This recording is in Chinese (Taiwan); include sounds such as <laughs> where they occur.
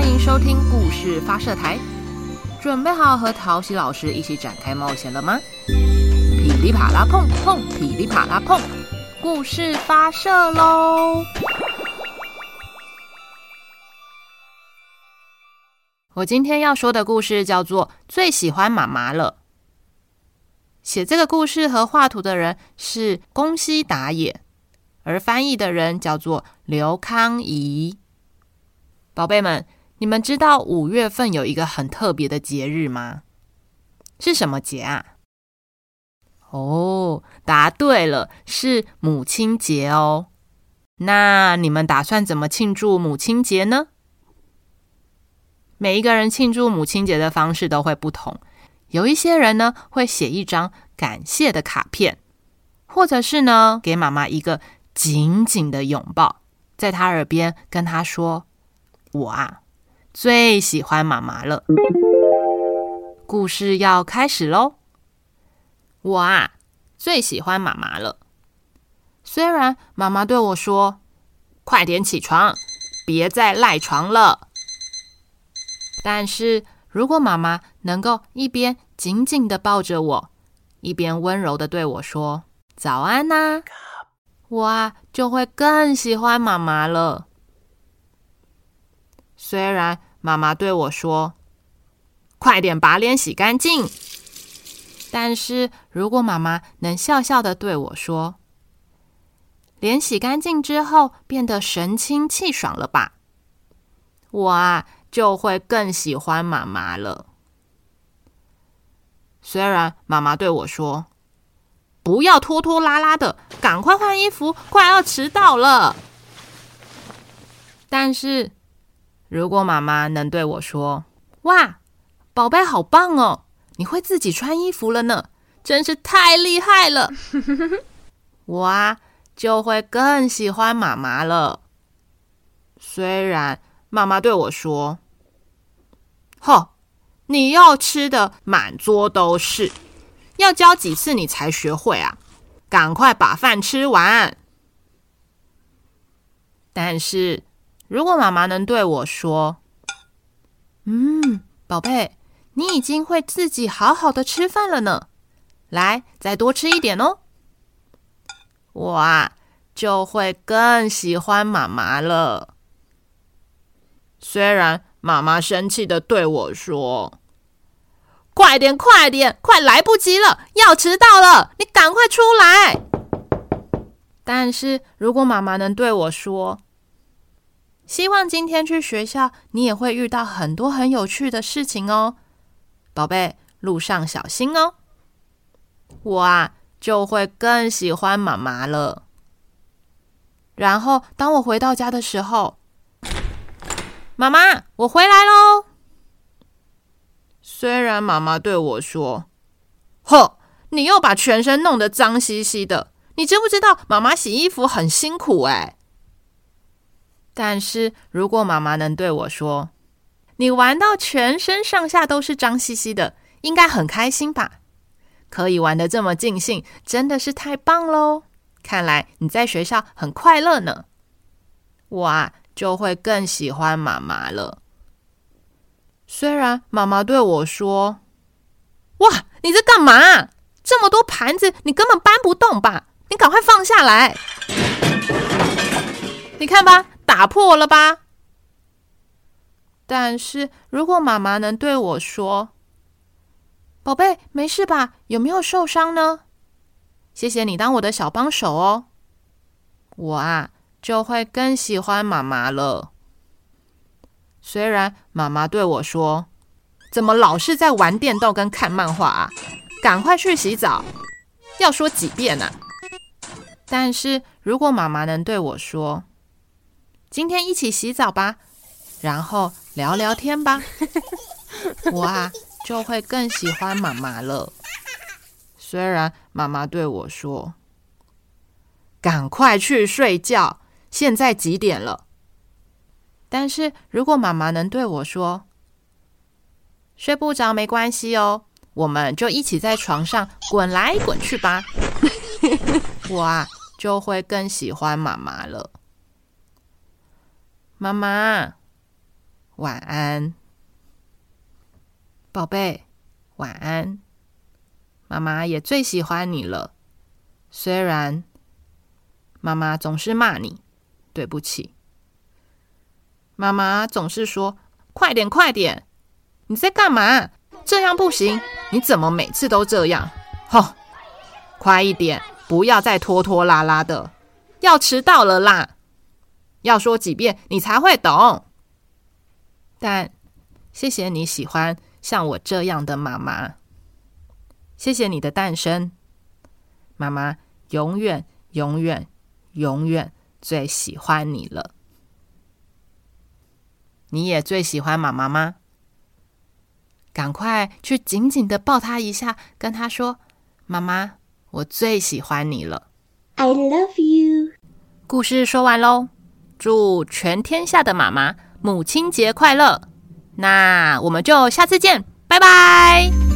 歡迎收聽故事發射台，準備好和淘喜老師一起展開冒險了嗎？噼里啪啦砰砰，噼里啪啦砰。故事發射嘍！我今天要說的故事叫做《最喜歡媽媽了》。寫這個故事和畫圖的人是宮西達也，而翻譯的人叫做劉康怡。寶貝們。你們知道五月份有一個很特別的節日嗎？是什麼節啊？哦，答對了，是母親節哦。那你們打算怎麼慶祝母親節呢？每一個人慶祝母親節的方式都會不同。有一些人呢，會寫一張感謝的卡片，或者是呢，給媽媽一個緊緊的擁抱，在她耳邊跟她說：“我啊。”最喜歡媽媽了。故事要開始嘍。我啊，最喜歡媽媽了。雖然媽媽對我說：“快點起床，別再賴床了。”但是，如果媽媽能夠一邊緊緊的抱着我，一邊溫柔的對我說：“早安吶、啊。”我啊，就會更喜歡媽媽了。雖然。媽媽對我說：“快點把臉洗乾淨。”但是，如果媽媽能笑笑的對我說：“臉洗乾淨之後變得神清氣爽了吧，我啊，就會更喜歡媽媽了。”雖然媽媽對我說：“不要拖拖拉拉的，趕快換衣服，快要遲到了。”但是。如果媽媽能對我說：“哇，寶貝，好棒哦！你會自己穿衣服了呢，真是太厲害了！” <laughs> 我啊，就會更喜歡媽媽了。雖然媽媽對我說：“嚯，你又吃得滿桌都是，要教幾次你才學會啊？趕快把飯吃完。”但是。如果媽媽能對我說：“嗯，寶貝，你已經會自己好好的吃飯了呢，來，再多吃一點哦。”我啊，就會更喜歡媽媽了。雖然媽媽生氣的對我說：“快點，快點，快來不及了，要遲到了，你趕快出來。”但是如果媽媽能對我說，希望今天去學校，你也會遇到很多很有趣的事情哦，寶貝，路上小心哦。我啊，就會更喜歡媽媽了。然後，當我回到家的時候，媽媽，我回來嘍。雖然媽媽對我說：“嚯，你又把全身弄得髒兮兮的，你知不知道媽媽洗衣服很辛苦哎？”但是如果媽媽能對我說：“你玩到全身上下都是髒兮兮的，應該很開心吧？可以玩得這麼盡興，真的是太棒嘍！看來你在學校很快樂呢。”我啊，就會更喜歡媽媽了。雖然媽媽對我說：“哇，你在幹嘛？這麼多盤子，你根本搬不動吧？你趕快放下來！你看吧。”打破了吧！但是如果媽媽能對我說：“寶貝，沒事吧？有沒有受傷呢？”謝謝你當我的小幫手哦。我啊，就會更喜歡媽媽了。雖然媽媽對我說：“怎麼老是在玩電動跟看漫畫啊？趕快去洗澡！”要說幾遍啊？但是如果媽媽能對我說……今天一起洗澡吧，然後聊聊天吧。我啊，就會更喜歡媽媽了。雖然媽媽對我說：“趕快去睡覺。”現在幾點了？但是如果媽媽能對我說：“睡不着沒關係哦，我們就一起在床上滾來滾去吧。”我啊，就會更喜歡媽媽了。媽媽，晚安，寶貝，晚安。媽媽也最喜歡你了，雖然媽媽總是罵你，對不起。媽媽總是說：“快點，快點！你在幹嘛？這樣不行！你怎麼每次都這樣？吼！快一點，不要再拖拖拉拉的，要遲到了啦！”要說幾遍你才會懂，但謝謝你喜歡像我這樣的媽媽，謝謝你的誕生，媽媽永遠永遠永遠最喜歡你了。你也最喜歡媽媽嗎？趕快去緊緊地抱她一下，跟她說：“媽媽，我最喜歡你了。” I love you。故事說完嘍。祝全天下的媽媽母親節快樂！那我們就下次見，拜拜。